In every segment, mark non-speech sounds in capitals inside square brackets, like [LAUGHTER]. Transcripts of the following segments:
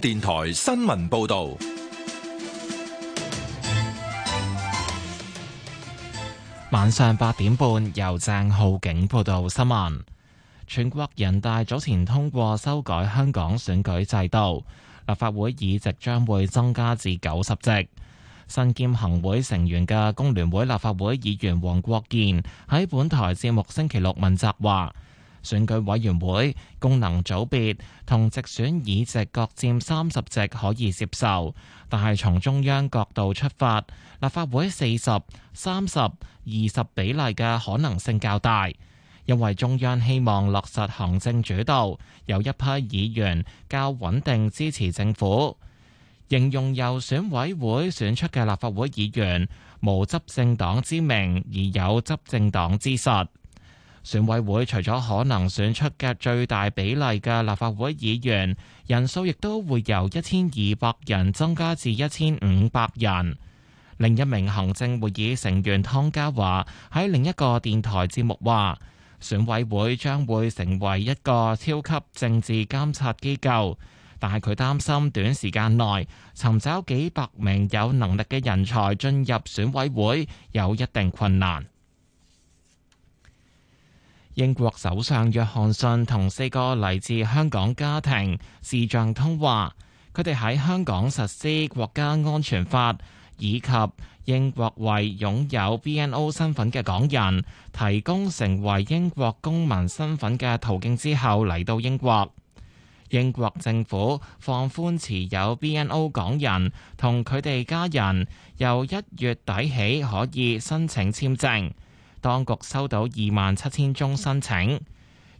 電台新聞報道，晚上八點半由鄭浩景報道新聞。全國人大早前通過修改香港選舉制度，立法會議席將會增加至九十席。身兼行會成員嘅工聯會立法會議員黃國健喺本台節目星期六問責話。選舉委員會功能組別同直選議席各佔三十席可以接受，但係從中央角度出發，立法會四十、三十、二十比例嘅可能性較大，因為中央希望落實行政主導，有一批議員較穩定支持政府，形容由選委會選出嘅立法會議員，無執政黨之名而有執政黨之實。選委會除咗可能選出嘅最大比例嘅立法會議員，人數亦都會由一千二百人增加至一千五百人。另一名行政會議成員湯家驊喺另一個電台節目話，選委會將會成為一個超級政治監察機構，但係佢擔心短時間內尋找幾百名有能力嘅人才進入選委會有一定困難。英國首相約翰遜同四個嚟自香港家庭視像通話，佢哋喺香港實施國家安全法，以及英國為擁有 BNO 身份嘅港人提供成為英國公民身份嘅途徑之後嚟到英國。英國政府放寬持有 BNO 港人同佢哋家人，由一月底起可以申請簽證。當局收到二萬七千宗申請。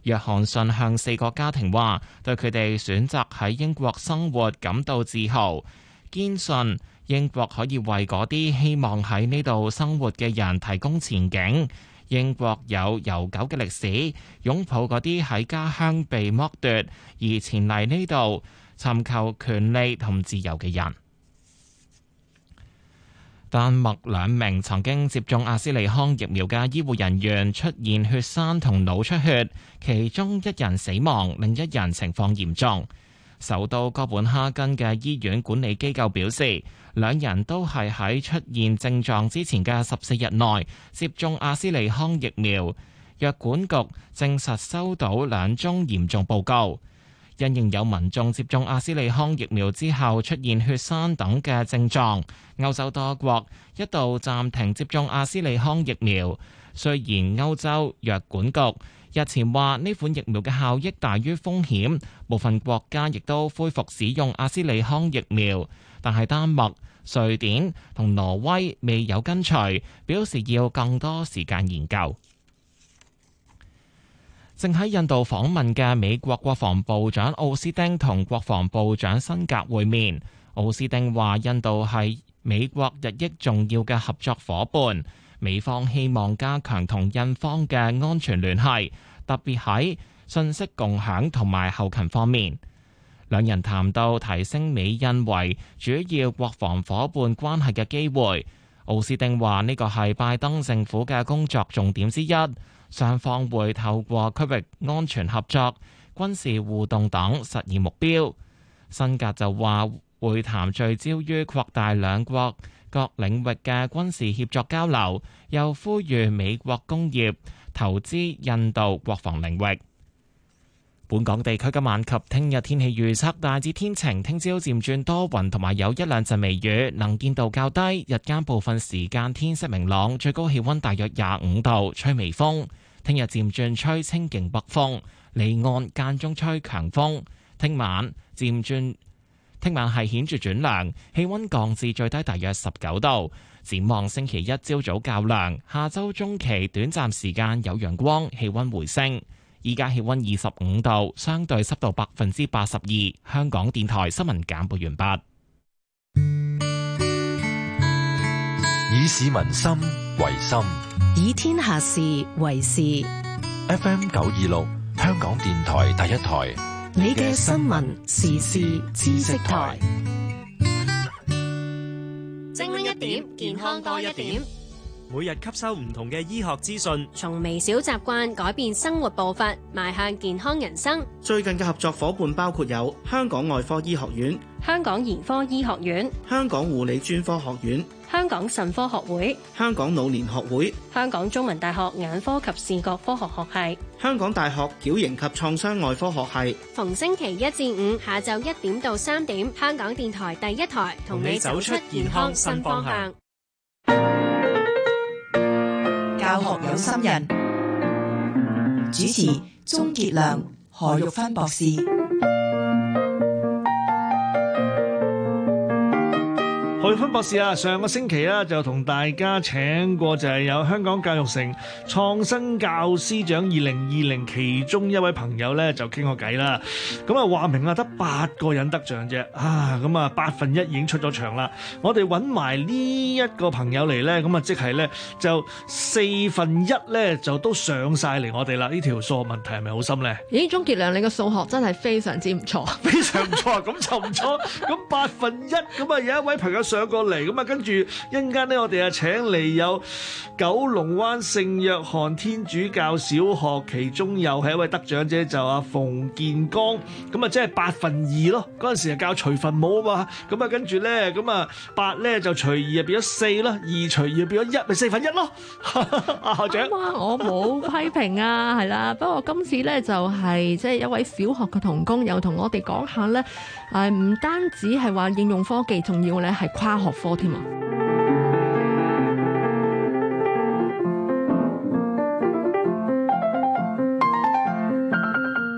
約翰遜向四個家庭話：對佢哋選擇喺英國生活感到自豪，堅信英國可以為嗰啲希望喺呢度生活嘅人提供前景。英國有悠久嘅歷史，擁抱嗰啲喺家鄉被剝奪而前嚟呢度尋求權利同自由嘅人。但麥兩名曾經接種阿斯利康疫苗嘅醫護人員出現血栓同腦出血，其中一人死亡，另一人情況嚴重。首都哥本哈根嘅醫院管理機構表示，兩人都係喺出現症狀之前嘅十四日內接種阿斯利康疫苗。藥管局證實收到兩宗嚴重報告。因應有民眾接種阿斯利康疫苗之後出現血栓等嘅症狀，歐洲多國一度暫停接種阿斯利康疫苗。雖然歐洲藥管局日前話呢款疫苗嘅效益大於風險，部分國家亦都恢復使用阿斯利康疫苗，但係丹麥、瑞典同挪威未有跟隨，表示要更多時間研究。正喺印度訪問嘅美國國防部長奧斯丁同國防部長辛格會面。奧斯丁話：印度係美國日益重要嘅合作伙伴，美方希望加強同印方嘅安全聯繫，特別喺信息共享同埋後勤方面。兩人談到提升美印為主要國防伙伴關係嘅機會。奧斯汀話：呢個係拜登政府嘅工作重點之一，上方會透過區域安全合作、軍事互動等實現目標。辛格就話會談聚焦於擴大兩國各領域嘅軍事協作交流，又呼籲美國工業投資印度國防領域。本港地區今晚及聽日天氣預測，大致天晴，聽朝漸轉多雲同埋有一兩陣微雨，能見度較低。日間部分時間天色明朗，最高氣溫大約廿五度，吹微風，聽日漸轉吹清勁北風，離岸間中吹強風，聽晚漸轉，聽晚係顯著轉涼，氣溫降至最低大約十九度。展望星期一朝早較涼，下周中期短暫時間有陽光，氣溫回升。依家氣溫二十五度，相對濕度百分之八十二。香港電台新聞簡報完畢。以市民心為心，以天下事為事。F M 九二六，香港電台第一台。你嘅新聞時事知識台，精明一點，健康多一點。每日吸收唔同嘅醫學資訊，從微小習慣改變生活步伐，邁向健康人生。最近嘅合作夥伴包括有香港外科醫學院、香港兒科醫學院、香港護理專科學院、香港腎科學會、香港老年學會、香港中文大學眼科及視覺科學學系、香港大學矯形及創傷外科學系。逢星期一至五下晝一點到三點，香港電台第一台同你走出健康新方向。教學有心人，主持鍾潔良、何玉芬博士。何玉芬博士啊，上個星期啦，啊，就同大家請過就係有香港教育城創新教師獎二零二零其中一位朋友咧就傾個偈啦，咁啊話明啊得八個人得獎啫啊，咁啊八分一已經出咗場啦，我哋揾埋呢一個朋友嚟咧，咁啊即係咧就四分一咧就都上晒嚟我哋啦，呢條數學問題係咪好深咧？咦，鍾杰亮，你個數學真係非常之唔錯， [LAUGHS] 非常唔錯，咁就唔錯，咁八分一咁啊有一位朋友。上過嚟咁啊，跟住一陣間咧，我哋啊請嚟有九龍灣聖若翰天主教小學其中又係一位得獎者，就阿馮健剛咁啊，即係八分二咯。嗰陣時係教除分母啊嘛，咁啊跟住咧，咁啊八咧就除二就變咗四啦，二除二變咗一，咪四分一咯。阿 [LAUGHS] 校長，剛剛我冇批評啊，係 [LAUGHS] 啦，不過今次咧就係即係一位小學嘅同工又，又同我哋講下咧，誒唔單止係話應用科技仲要咧，係。跨學科添啊！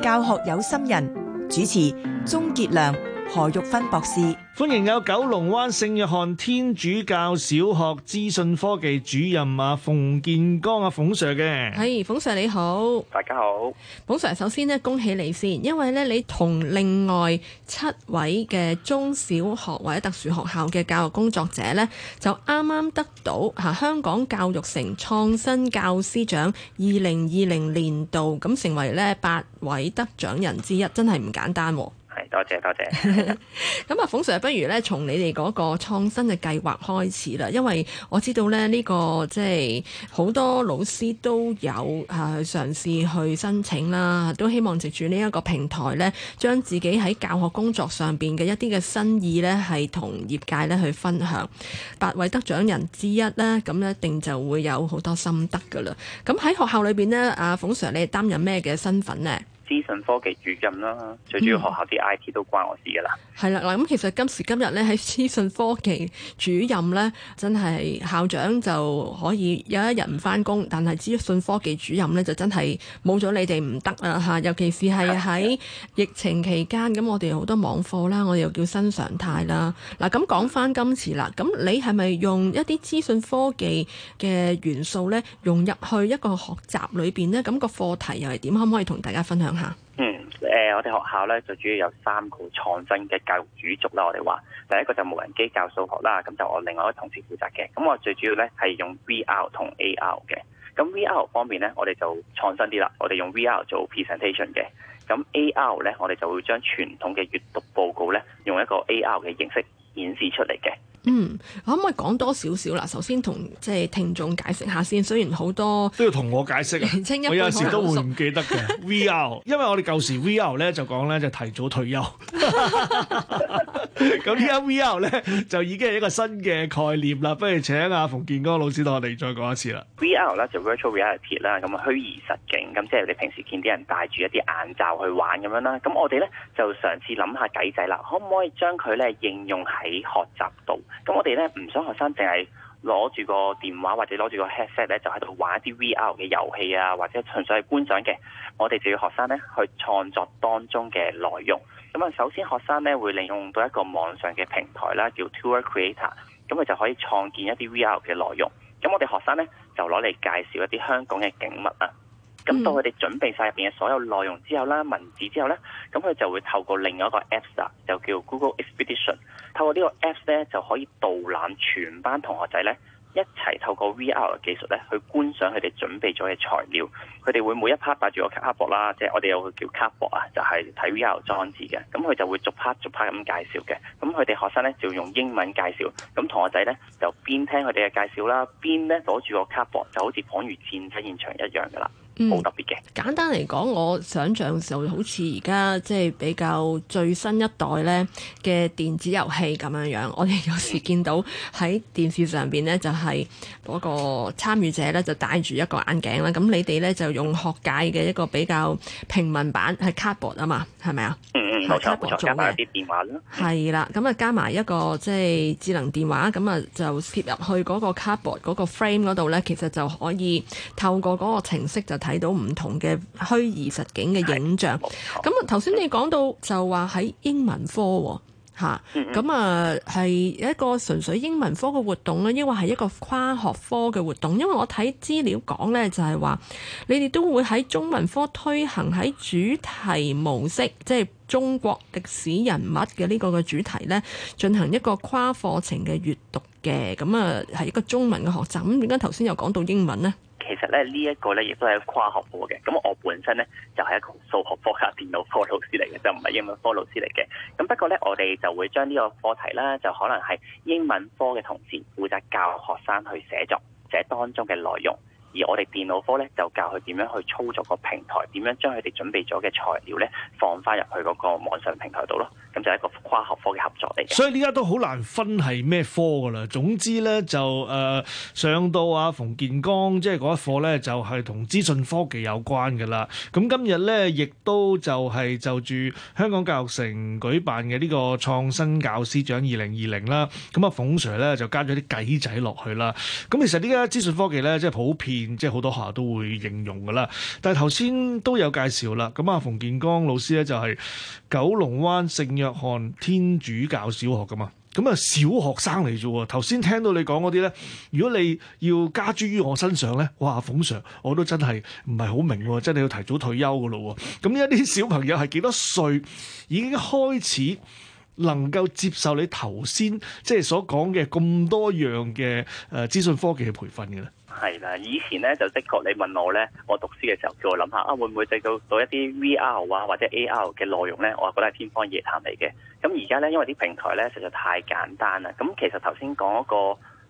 教學有心人，主持，鍾傑良。何玉芬博士，歡迎有九龍灣聖若翰天主教小學資訊科技主任啊，馮健剛、啊馮 Sir 嘅，係、hey, 馮 Sir 你好，大家好，馮 Sir 首先咧恭喜你先，因為咧你同另外七位嘅中小學或者特殊學校嘅教育工作者咧，就啱啱得到吓香港教育城創新教師獎二零二零年度，咁成為咧八位得獎人之一，真係唔簡單、啊。係多謝多謝，咁啊， [LAUGHS] [LAUGHS] 馮 sir 不如咧，從你哋嗰個創新嘅計劃開始啦，因為我知道咧、這、呢個即係好多老師都有誒嘗試去申請啦，都希望藉住呢一個平台咧，將自己喺教學工作上邊嘅一啲嘅新意咧，係同業界咧去分享。八位得獎人之一咧，咁一定就會有好多心得噶啦。咁喺學校裏邊呢，阿馮 sir 你係擔任咩嘅身份呢？資訊科技主任啦，最主要學校啲 I.T 都關我事噶啦。係啦，嗱，咁其實今時今日咧，喺資訊科技主任咧，真係校長就可以有一日唔翻工，但係資訊科技主任咧就真係冇咗你哋唔得啊！嚇，尤其是係喺疫情期間，咁 [LAUGHS] 我哋好多網課啦，我哋又叫新常態啦。嗱，咁講翻今次啦，咁你係咪用一啲資訊科技嘅元素咧，融入去一個學習裏邊咧？咁個課題又係點？可唔可以同大家分享？嗯，誒、呃，我哋學校咧就主要有三個創新嘅教育主軸啦。我哋話，第一個就無人機教數學啦，咁就我另外一個同事負責嘅。咁我最主要咧係用 V R 同 A R 嘅。咁 V R 方面咧，我哋就創新啲啦，我哋用 V R 做 presentation 嘅。咁 A R 咧，我哋就會將傳統嘅閱讀報告咧，用一個 A R 嘅形式顯示出嚟嘅。嗯，可唔可以講多少少啦？首先同即係聽眾解釋下先。雖然好多都要同我解釋，一我有時都會唔記得嘅 [LAUGHS] VR。因為我哋舊時 VR 咧就講咧就是、提早退休。咁而家 VR 咧就已經係一個新嘅概念啦。 [LAUGHS] 不如請阿馮健剛老師同我哋再講一次啦。VR 咧就 Virtual Reality 啦，咁啊虛擬實境。咁即係你平時見啲人戴住一啲眼罩去玩咁樣啦。咁我哋咧就嘗試諗下計仔啦，可唔可以將佢咧應用喺學習度？咁我哋咧唔想學生淨係攞住個電話或者攞住個 headset 咧，就喺度玩一啲 VR 嘅遊戲啊，或者純粹係觀賞嘅。我哋就要學生咧去創作當中嘅內容。咁啊，首先學生咧會利用到一個網上嘅平台啦，叫 Tour Creator。咁佢就可以創建一啲 VR 嘅內容。咁我哋學生咧就攞嚟介紹一啲香港嘅景物啊。咁、嗯、到佢哋準備晒入邊嘅所有內容之後啦，文字之後呢，咁佢就會透過另外一個 Apps 啊，就叫 Google Expedition。透過呢個 Apps 呢，就可以導覽全班同學仔呢，一齊透過 VR 技術呢去觀賞佢哋準備咗嘅材料。佢哋會每一 part 戴住個 cardboard 啦，即係我哋有個叫 cardboard 啊，就係睇 VR 裝置嘅。咁佢就會逐 part 逐 part 咁介紹嘅。咁佢哋學生呢，就用英文介紹，咁同學仔呢，就邊聽佢哋嘅介紹啦，邊呢攞住個 cardboard，就好似彷如戰爭現場一樣噶啦。好特別嘅。簡單嚟講，我想像，好像就好似而家即係比較最新一代咧嘅電子遊戲咁樣樣。我哋有時見到喺電視上邊咧，就係嗰個參與者咧就戴住一個眼鏡啦。咁你哋咧就用學界嘅一個比較平民版係 Cardboard 啊嘛，係咪啊？頭卡 board 做埋啲電話咯，係啦，咁啊加埋一個即係智能電話，咁啊 [NOISE] 就攝入去嗰個 cardboard 嗰個 frame 嗰度咧，其實就可以透過嗰個程式就睇到唔同嘅虛擬實景嘅影像。咁啊頭先你講到就話喺英文科喎。吓，咁啊係一個純粹英文科嘅活動咧，抑或係一個跨學科嘅活動？因為我睇資料講咧，就係話你哋都會喺中文科推行喺主題模式，即係中國歷史人物嘅呢個嘅主題咧，進行一個跨課程嘅閱讀嘅。咁啊，係一個中文嘅學習。咁點解頭先又講到英文咧？其實咧，呢一個咧，亦都係跨學科嘅。咁我本身咧就係一個數學科加電腦科老師嚟嘅，就唔係英文科老師嚟嘅。咁不過咧，我哋就會將呢個課題啦，就可能係英文科嘅同事負責教學生去寫作，寫當中嘅內容。而我哋電腦科咧就教佢點樣去操作個平台，點樣將佢哋準備咗嘅材料咧放翻入去嗰個網上平台度咯。咁就係一個跨學科嘅合作嚟。所以呢家都好難分係咩科噶啦。總之咧就誒上到啊，馮健剛即係嗰一課咧就係同資訊科技有關噶啦。咁今日咧亦都就係就住香港教育城舉辦嘅呢個創新教師獎二零二零啦。咁啊，馮 Sir 咧就加咗啲計仔落去啦。咁其實呢家資訊科技咧即係普遍。即係好多學校都會應用嘅啦。但係頭先都有介紹啦。咁啊，馮健剛老師咧就係九龍灣聖若翰天主教小學嘅嘛。咁啊，小學生嚟啫。頭先聽到你講嗰啲咧，如果你要加諸於我身上咧，哇！馮 Sir 我都真係唔係好明，真係要提早退休嘅咯喎。咁一啲小朋友係幾多歲已經開始能夠接受你頭先即係所講嘅咁多樣嘅誒資訊科技嘅培訓嘅咧？係啦，以前咧就的確你問我咧，我讀書嘅時候叫我諗下啊，會唔會製造到一啲 VR 啊或者 AR 嘅內容咧？我話覺得係天方夜譚嚟嘅。咁而家咧，因為啲平台咧實在太簡單啦。咁其實頭先講一個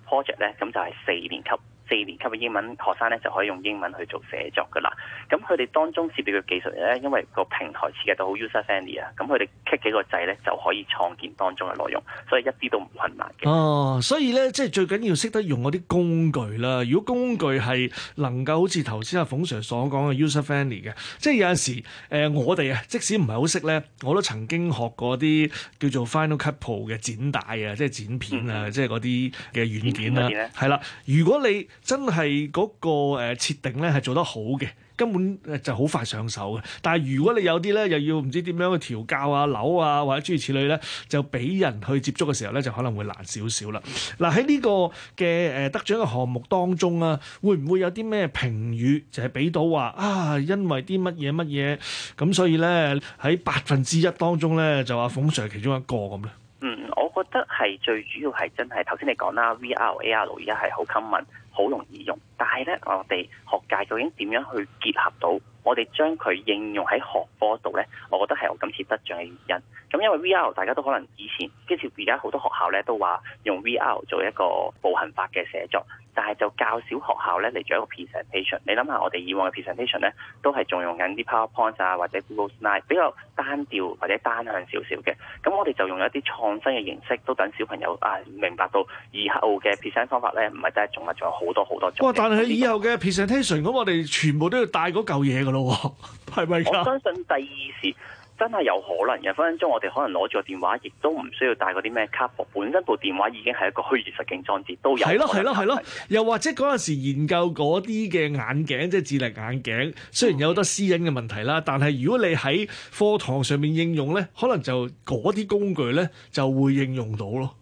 project 咧，咁就係四年級。四年級嘅英文學生咧，就可以用英文去做寫作噶啦。咁佢哋當中涉及嘅技術咧，因為個平台設計到好 user friendly 啊，咁佢哋 click 幾個掣咧，就可以創建當中嘅內容，所以一啲都唔困難嘅。哦、啊，所以咧，即係最緊要識得用嗰啲工具啦。如果工具係能夠好似頭先阿馮 Sir 所講嘅 user friendly 嘅，即係有陣時誒、呃，我哋啊，即使唔係好識咧，我都曾經學過啲叫做 Final Cut Pro 嘅剪帶啊，即係剪片啊，嗯、即係嗰啲嘅軟件啦。點樣咧？係啦，如果你真係嗰個誒設定咧係做得好嘅，根本就好快上手嘅。但係如果你有啲咧又要唔知點樣去調校啊、扭啊或者諸如此類咧，就俾人去接觸嘅時候咧就可能會難少少啦。嗱，喺呢個嘅誒得獎嘅項目當中啊，會唔會有啲咩評語就係俾到話啊？因為啲乜嘢乜嘢咁，所以咧喺百分之一當中咧就話、啊、馮 sir 其中一個咁咧？嗯，我覺得係最主要係真係頭先你講啦，V R A R 而家係好 common。好容易用，但係呢，我哋學界究竟點樣去結合到我哋將佢應用喺學科度呢？我覺得係我今次得獎嘅原因。咁因為 VR，大家都可能以前，跟住而家好多學校呢，都話用 VR 做一個步行法嘅寫作。但係就較少學校咧嚟做一個 presentation。你諗下，我哋以往嘅 presentation 咧，都係仲用緊啲 PowerPoint 啊或者 Google Slide，比較單調或者單向少少嘅。咁我哋就用一啲創新嘅形式，都等小朋友啊明白到以後嘅 presentation 方法咧，唔係真一種，係仲有好多好多種。哇！但係以後嘅 presentation，咁我哋全部都要帶嗰嚿嘢㗎咯喎，係咪？我相信第二時。真係有可能，而分分鐘我哋可能攞住個電話，亦都唔需要帶嗰啲咩卡殼。本身部電話已經係一個虛擬實境裝置，都有，有。係咯係咯係咯，又或者嗰陣時研究嗰啲嘅眼鏡，即係智能眼鏡，雖然有好多私隱嘅問題啦，但係如果你喺課堂上面應用咧，可能就嗰啲工具咧就會應用到咯。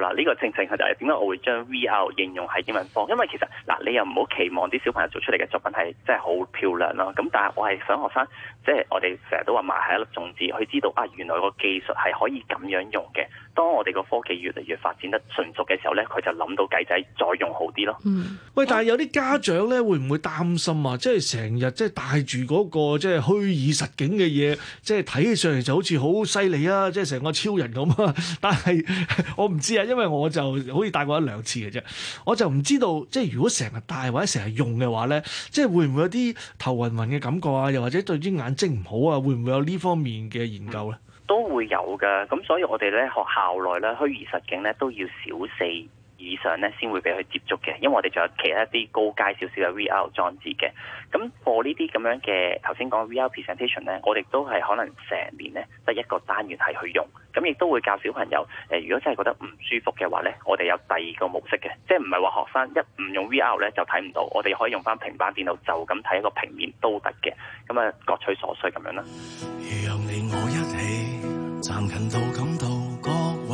呢、這個正正就係點解我會將 VR 應用喺英文科，因為其實嗱，你又唔好期望啲小朋友做出嚟嘅作品係真係好漂亮咯。咁但係我係想學生，即係我哋成日都話埋喺一粒種子，去知道啊，原來個技術係可以咁樣用嘅。當我哋個科技越嚟越發展得迅速嘅時候咧，佢就諗到計仔再用好啲咯。嗯，喂，但係有啲家長咧，會唔會擔心啊？即係成日即係戴住嗰個即係虛擬實境嘅嘢，即係睇起上嚟就好似好犀利啊！即係成個超人咁啊！但係我唔知啊，因為我就好似戴過一兩次嘅啫，我就唔知道即係如果成日戴或者成日用嘅話咧，即係會唔會有啲頭暈暈嘅感覺啊？又或者對啲眼睛唔好啊？會唔會有呢方面嘅研究咧？嗯都會有嘅，咁所以我哋咧學校內咧虛擬實境咧都要小四以上咧先會俾佢接觸嘅，因為我哋仲有其他啲高階少少嘅 VR 裝置嘅。咁播呢啲咁樣嘅頭先講嘅 VR presentation 咧，我哋都係可能成年咧得一個單元係去用，咁亦都會教小朋友。誒、呃，如果真係覺得唔舒服嘅話咧，我哋有第二個模式嘅，即係唔係話學生一唔用 VR 咧就睇唔到，我哋可以用翻平板電腦就咁睇一個平面都得嘅。咁啊，各取所需咁樣啦。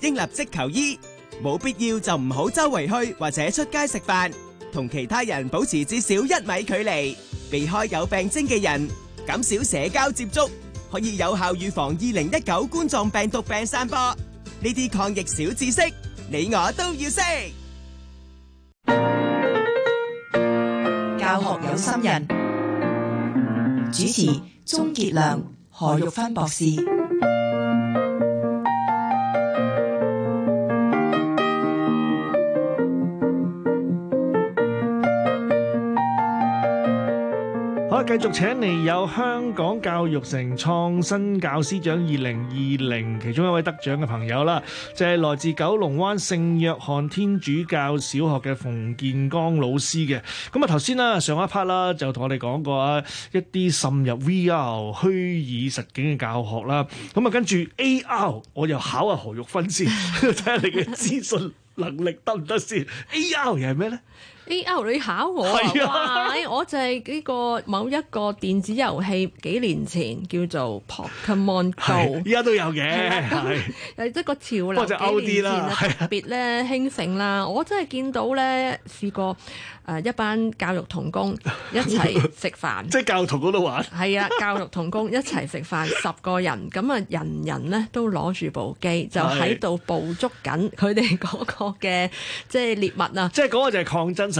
應立即求醫，冇必要就唔好周圍去或者出街食飯，同其他人保持至少一米距離，避開有病徵嘅人，減少社交接觸，可以有效預防二零一九冠狀病毒病散播。呢啲抗疫小知識，你我都要識。教學有心人，主持鍾杰良、何玉芬博士。繼續請嚟有香港教育城創新教師獎二零二零其中一位得獎嘅朋友啦，就係來自九龍灣聖若翰天主教小學嘅馮健剛老師嘅。咁啊，頭先啦，上一 part 啦，就同我哋講過啊，一啲滲入 VR 虛擬實景嘅教學啦。咁啊，跟住 AR，我又考下何玉芬先，睇下你嘅資訊能力得唔得先？AR 又係咩呢？A.I. 你考我，哇！我就係呢個某一個電子遊戲，幾年前叫做 Pokémon Go，依家都有嘅，係。誒即係個潮流，不過就 out 啲啦。特別咧興盛啦，我真係見到咧試過誒一班教育同工一齊食飯，即係教育同工都玩。係啊，教育同工一齊食飯，十個人咁啊，人人咧都攞住部機，就喺度捕捉緊佢哋嗰個嘅即係獵物啊！即係嗰個就係抗爭。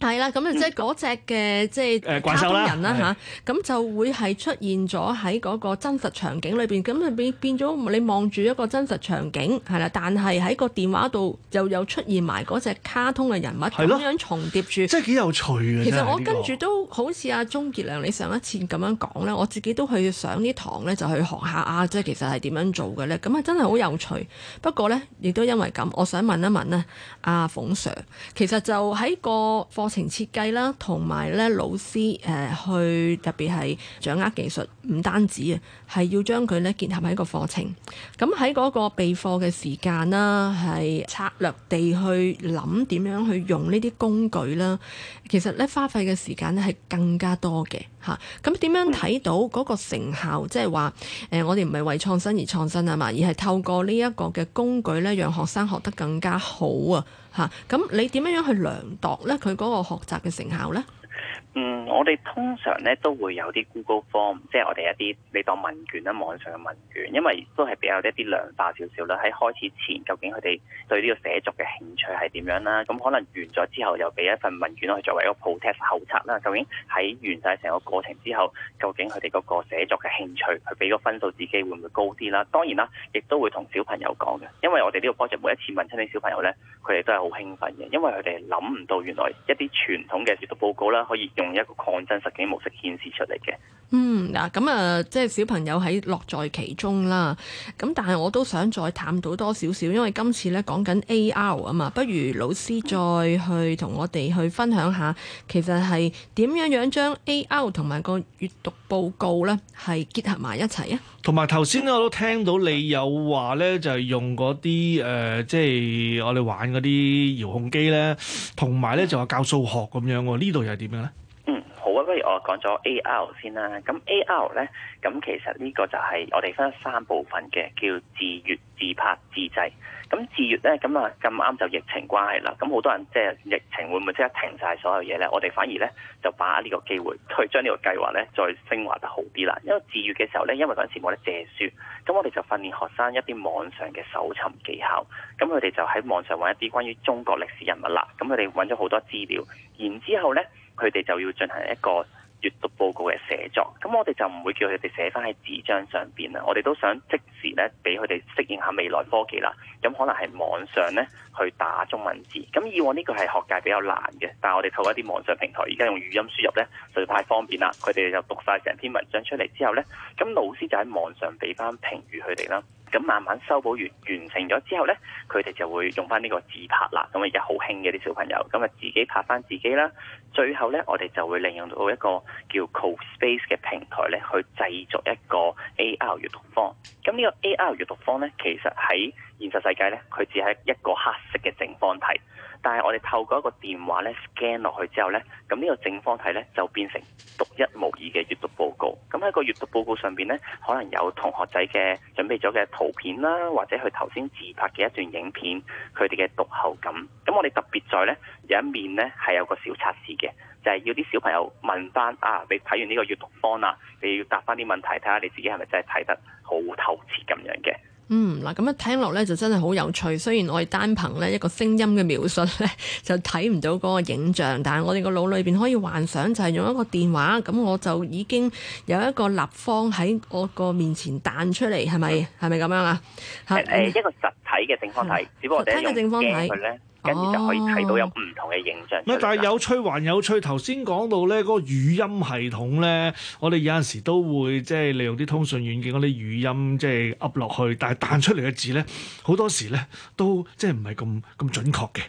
係啦，咁啊即係嗰隻嘅即係卡通人啦吓，咁、呃啊、就會係出現咗喺嗰個真實場景裏邊，咁啊變變咗你望住一個真實場景係啦，但係喺個電話度又有出現埋嗰隻卡通嘅人物咁樣重疊住，即係幾有趣嘅。其實這個 我跟住都好似阿鍾傑良你上一次咁樣講咧，我自己都去上啲堂咧，就去學下啊，即係其實係點樣做嘅咧。咁啊真係好有趣，不過咧亦都因為咁，我想問一問咧，阿、啊、馮 sir，其實就喺個程設計啦，同埋咧老師誒去、呃、特別係掌握技術，唔單止啊，係要將佢咧結合喺個課程。咁喺嗰個備課嘅時間啦，係策略地去諗點樣去用呢啲工具啦。其實咧花費嘅時間咧係更加多嘅嚇。咁點樣睇到嗰個成效？即係話誒，我哋唔係為創新而創新啊嘛，而係透過呢一個嘅工具咧，讓學生學得更加好啊！嚇！咁你點樣樣去量度咧？佢嗰個學習嘅成效咧？嗯，我哋通常咧都會有啲 Google Form，即係我哋一啲你當問卷啦，網上嘅問卷，因為都係比較一啲量化少少啦。喺開始前，究竟佢哋對呢個寫作嘅興趣係點樣啦？咁、嗯、可能完咗之後，又俾一份問卷去作為一個 pretest 測啦。究竟喺完晒成個過程之後，究竟佢哋嗰個寫作嘅興趣，佢俾個分數自己會唔會高啲啦？當然啦，亦都會同小朋友講嘅，因為我哋呢個 project 每一次問親啲小朋友咧，佢哋都係好興奮嘅，因為佢哋諗唔到原來一啲傳統嘅讀報告啦，可以，用一個抗爭實境模式顯示出嚟嘅。嗯，嗱咁啊，即係小朋友喺樂在其中啦。咁但係我都想再探討多少少，因為今次咧講緊 AR 啊嘛，不如老師再去同我哋去分享下，其實係點樣樣將 AR 同埋個閱讀報告咧係結合埋一齊啊。同埋頭先我都聽到你有話咧，就係用嗰啲誒，即係我哋玩嗰啲遙控機咧，同埋咧就話教數學咁樣喎。呢度又係點樣咧？好、啊、不如我講咗 A R 先啦。咁 A R 咧，咁其實呢個就係我哋分三部分嘅，叫自閱、自拍、自製。咁自閱咧，咁啊咁啱就疫情關係啦。咁好多人即係、就是、疫情會唔會即刻停晒所有嘢咧？我哋反而咧就把握呢個機會，去將呢個計劃咧再升華得好啲啦。因為自閱嘅時候咧，因為嗰陣時冇得借書，咁我哋就訓練學生一啲網上嘅搜尋技巧。咁佢哋就喺網上揾一啲關於中國歷史人物啦。咁佢哋揾咗好多資料，然之後咧。佢哋就要進行一個閱讀報告嘅寫作，咁我哋就唔會叫佢哋寫翻喺紙張上邊啦。我哋都想即時咧，俾佢哋適應下未來科技啦。咁可能係網上咧去打中文字，咁以往呢個係學界比較難嘅，但係我哋透過一啲網上平台，而家用語音輸入咧，實在太方便啦。佢哋就讀晒成篇文章出嚟之後咧，咁老師就喺網上俾翻評語佢哋啦。咁慢慢修補完完成咗之後咧，佢哋就會用翻呢個自拍啦。咁啊而家好興嘅啲小朋友，咁啊自己拍翻自己啦。最後咧，我哋就會利用到一個叫 CoSpace 嘅平台咧，去製作一個 AR 閱讀方。咁呢個 AR 閱讀方咧，其實喺現實世界咧，佢只係一個黑色嘅正方體，但係我哋透過一個電話咧 scan 落去之後咧，咁呢個正方體咧就變成獨一無二嘅閱讀。報告，咁喺個閱讀報告上邊呢，可能有同學仔嘅準備咗嘅圖片啦，或者佢頭先自拍嘅一段影片，佢哋嘅讀後感。咁我哋特別在呢有一面呢係有個小測試嘅，就係要啲小朋友問翻啊，你睇完呢個閱讀方啦，你要答翻啲問題，睇下你自己係咪真係睇得好透徹咁樣嘅。嗯，嗱，咁一聽落咧就真係好有趣。雖然我哋單憑咧一個聲音嘅描述咧， [LAUGHS] 就睇唔到嗰個影像，但係我哋個腦裏邊可以幻想就係用一個電話，咁我就已經有一個立方喺我個面前彈出嚟，係咪？係咪咁樣啊？嚇、欸欸，一個實體嘅正方體，嗯、只不過我哋又驚佢跟住就可以睇到有唔同嘅形象。乜？但係有趣，還有趣。頭先講到咧，嗰個語音系統咧，我哋有陣時都會即係利用啲通訊軟件，啲語音即係噏落去，但係彈出嚟嘅字咧，好多時咧都即係唔係咁咁準確嘅。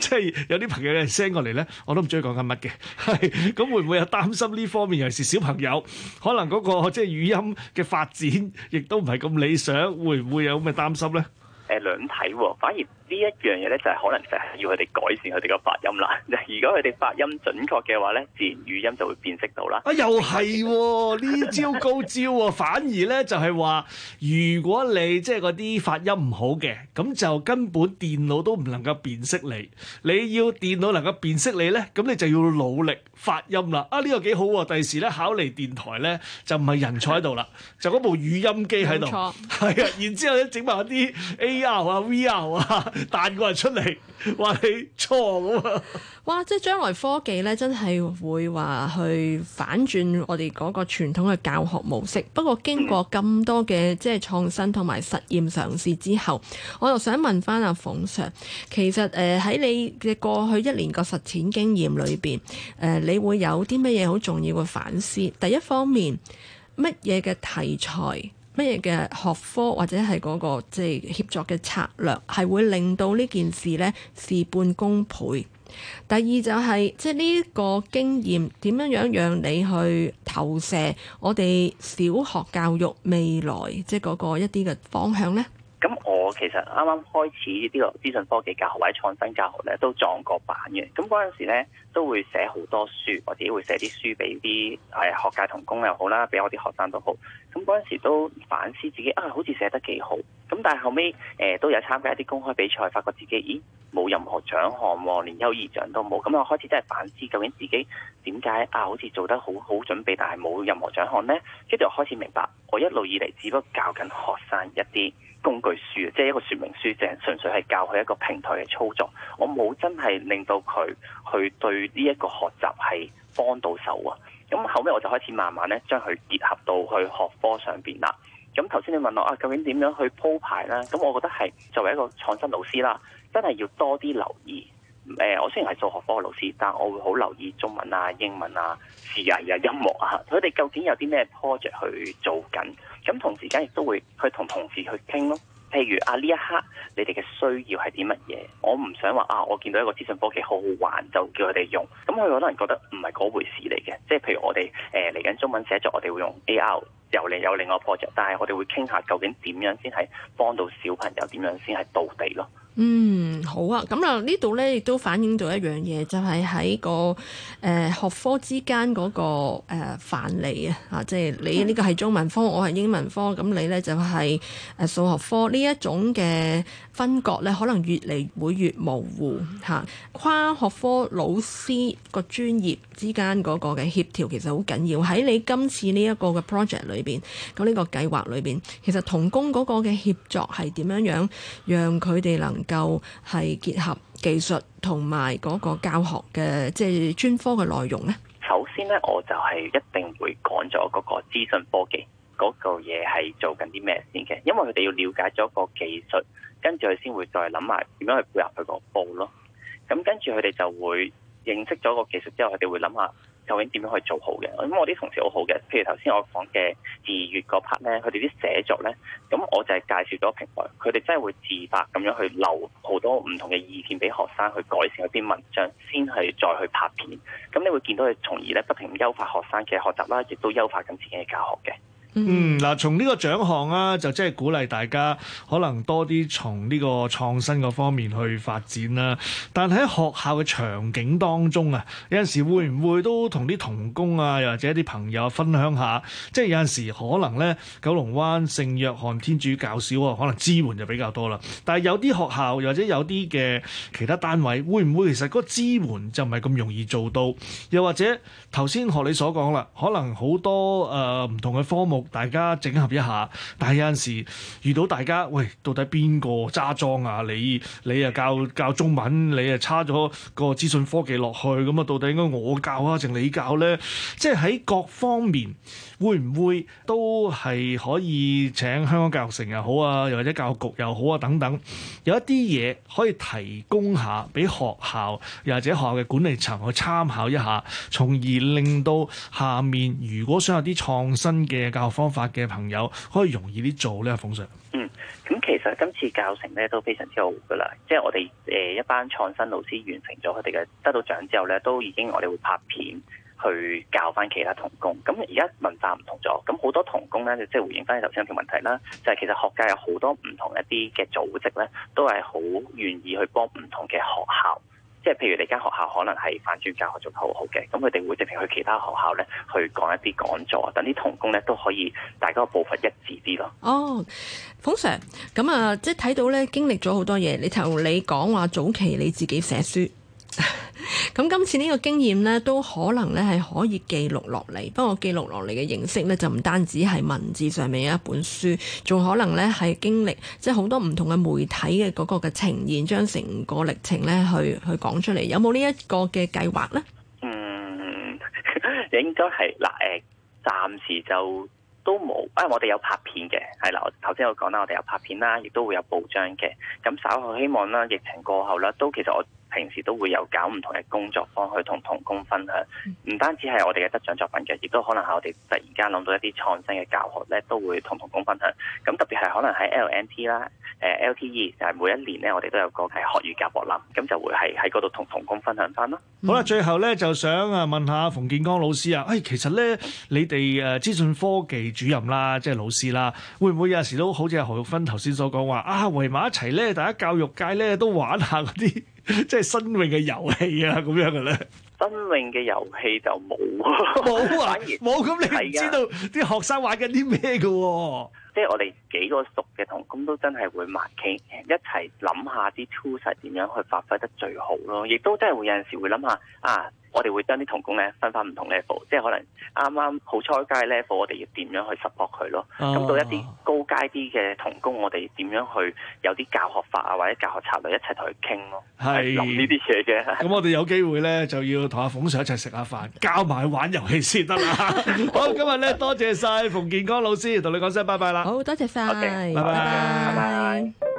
即係有啲朋友嘅聲過嚟咧，我都唔中意講緊乜嘅。係，咁會唔會有擔心呢方面？尤其是小朋友，可能嗰個即係語音嘅發展，亦都唔係咁理想，會唔會有咁嘅擔心咧？誒兩睇喎，反而。呢一樣嘢咧就係可能就係要佢哋改善佢哋個發音啦。如果佢哋發音準確嘅話咧，自然語音就會辨識到啦。啊，又係呢招高招啊、喎！反而咧就係、係、話，如果你即係嗰啲發音唔好嘅，咁就根本電腦都唔能夠辨識你。你要電腦能夠辨識你咧，咁你就要努力發音啦。啊，呢、呢個幾好、啊。第時咧考嚟電台咧就唔係人坐喺度啦， [LAUGHS] 就嗰部語音機喺度。冇錯。係啊，然之後咧整埋一啲 AR 啊、VR 啊。彈個人出嚟，話你錯咁啊！ [LAUGHS] 哇！即係將來科技呢，真係會話去反轉我哋嗰個傳統嘅教學模式。不過經過咁多嘅即係創新同埋實驗嘗試之後，我就想問翻阿馮 Sir，其實誒喺、呃、你嘅過去一年個實踐經驗裏邊，誒、呃、你會有啲乜嘢好重要嘅反思？第一方面，乜嘢嘅題材？乜嘢嘅學科或者係嗰個即係協作嘅策略，係會令到呢件事咧事半功倍。第二就係即係呢個經驗點樣樣讓你去投射我哋小學教育未來即係嗰個一啲嘅方向咧？咁我其實啱啱開始呢個資訊科技教學或者創新教學咧，都撞過板嘅。咁嗰陣時咧，都會寫好多書，我自己會寫啲書俾啲係學界同工又好啦，俾我啲學生都好。咁嗰陣時都反思自己啊，好似寫得幾好。咁但係後尾誒、呃、都有參加一啲公開比賽，發覺自己，咦，冇任何獎項喎，連優異獎都冇。咁我開始真係反思，究竟自己點解啊，好似做得好好準備，但係冇任何獎項呢？跟住又開始明白，我一路以嚟，只不過教緊學生一啲工具書，即係一個說明書，淨純粹係教佢一個平台嘅操作，我冇真係令到佢去對呢一個學習係幫到手啊。咁後尾我就開始慢慢咧，將佢結合到去學科上邊啦。咁頭先你問我啊，究竟點樣去鋪排咧？咁我覺得係作為一個創新老師啦，真係要多啲留意。誒、呃，我雖然係數學科嘅老師，但係我會好留意中文啊、英文啊、視藝啊、音樂啊，佢哋究竟有啲咩 project 去做緊？咁同時間亦都會去同同事去傾咯。譬如啊，呢一刻你哋嘅需要係啲乜嘢？我唔想話啊，我見到一個資訊科技好好玩就叫佢哋用。咁佢可能覺得唔係嗰回事嚟嘅。即係譬如我哋誒嚟緊中文寫作，我哋會用 AR 有另有另外 project，但係我哋會傾下究竟點樣先係幫到小朋友點樣先係到地咯。嗯，好啊，咁啊呢度咧亦都反映到一樣嘢，就係喺個誒學科之間嗰個誒範例啊，吓，即係你呢個係中文科，我係英文科，咁你咧就係誒數學科呢一種嘅分割咧，可能越嚟會越模糊吓，跨學科老師個專業之間嗰個嘅協調其實好緊要，喺你今次呢一個嘅 project 裏邊，咁呢個計劃裏邊其實同工嗰個嘅協作係點樣樣讓佢哋能夠係結合技術同埋嗰個教學嘅即係專科嘅內容呢？首先呢，我就係一定會講咗嗰個資訊科技嗰個嘢係做緊啲咩先嘅，因為佢哋要了解咗個技術，跟住佢先會再諗埋點樣去配合佢個部咯。咁跟住佢哋就會認識咗個技術之後，佢哋會諗下。究竟點樣去做好嘅？咁我啲同事好好嘅，譬如頭先我講嘅二月嗰 part 咧，佢哋啲寫作咧，咁我就係介紹咗平台，佢哋真係會自發咁樣去留好多唔同嘅意見俾學生去改善一啲文章，先係再去拍片。咁你會見到佢從而咧不停優化學生嘅學習啦，亦都優化緊自己嘅教學嘅。嗯，嗱，從呢個獎項啊，就即係鼓勵大家可能多啲從呢個創新個方面去發展啦，啊。但喺學校嘅場景當中啊，有陣時會唔會都同啲同工啊，又或者啲朋友，啊，分享下？即係有陣時可能咧，九龍灣聖若翰天主教小啊，可能支援就比較多啦。但係有啲學校又或者有啲嘅其他單位，會唔會其實個支援就唔係咁容易做到？又或者頭先學你所講啦，可能好多誒唔，呃，同嘅科目。大家整合一下，但係有陣時遇到大家，喂，到底邊個揸莊啊？你你啊教教中文，你啊差咗個資訊科技落去，咁啊到底應該我教啊，定你教咧？即係喺各方面會唔會都係可以請香港教育城又好啊，又或者教育局又好啊等等，有一啲嘢可以提供下俾學校，又或者學校嘅管理層去參考一下，從而令到下面如果想有啲創新嘅教育。方法嘅朋友可以容易啲做呢。馮 Sir 嗯，咁其實今次教程咧都非常之好噶啦，即係我哋誒、呃、一班創新老師完成咗佢哋嘅得到獎之後咧，都已經我哋會拍片去教翻其他童工。咁而家文化唔同咗，咁好多童工咧，即係回應翻頭先條問題啦，就係、是、其實學界有好多唔同一啲嘅組織咧，都係好願意去幫唔同嘅學校。即係譬如你間學校可能係翻轉教學做得好好嘅，咁佢哋會即係去其他學校咧去講一啲講座，等啲同工咧都可以大家嘅步伐一致啲咯。哦，馮 sir，咁、嗯、啊，即係睇到咧經歷咗好多嘢。你頭你講話早期你自己寫書。咁 [LAUGHS] 今次呢個經驗呢都可能呢係可以記錄落嚟。不過記錄落嚟嘅形式呢，就唔單止係文字上面嘅一本書，仲可能呢係經歷，即係好多唔同嘅媒體嘅嗰個嘅呈現，將成個歷程呢去去講出嚟。有冇呢一個嘅計劃呢？嗯，應該係嗱，誒、呃，暫時就都冇。誒，我哋有拍片嘅，係啦，我頭先有講啦，我哋有拍片啦，亦都會有報章嘅。咁稍後希望啦，疫情過後啦，都其實我。平時都會有搞唔同嘅工作坊去同同工分享，唔單止係我哋嘅得獎作品嘅，亦都可能係我哋突然間諗到一啲創新嘅教學咧，都會同同工分享。咁特別係可能喺 LNT 啦，誒 LTE 就係每一年咧，我哋都有個誒學與教博覽，咁就會係喺嗰度同同工分享返咯。嗯、好啦，最後咧就想啊問下馮健剛老師啊，誒、哎、其實咧你哋誒資訊科技主任啦，即係老師啦，會唔會有時都好似何玉芬頭先所講話啊，圍埋一齊咧，大家教育界咧都玩下嗰啲？即係生命嘅遊戲啊，咁樣嘅咧，生命嘅遊戲就冇，冇啊，冇咁你唔知道啲的學生玩緊啲咩㗎。即係我哋幾個熟嘅同工都真係會埋傾，一齊諗下啲 tools 點樣去發揮得最好咯，亦都真係會有陣時會諗下啊。我哋會將啲童工咧分翻唔同 level，即係可能啱啱好初階 level，我哋要點樣去 support 佢咯，咁到一啲高階啲嘅童工，我哋要點樣去有啲教學法啊，或者教學策略一齊同佢傾咯。係呢啲嘢嘅。咁我哋有機會咧就要同阿馮 Sir 一齊食下飯，教埋玩遊戲先得啦。 [LAUGHS] 好，今日咧多謝晒馮健剛老師，同你講聲拜拜啦。好多謝曬，okay, 拜拜。Bye bye. Bye bye.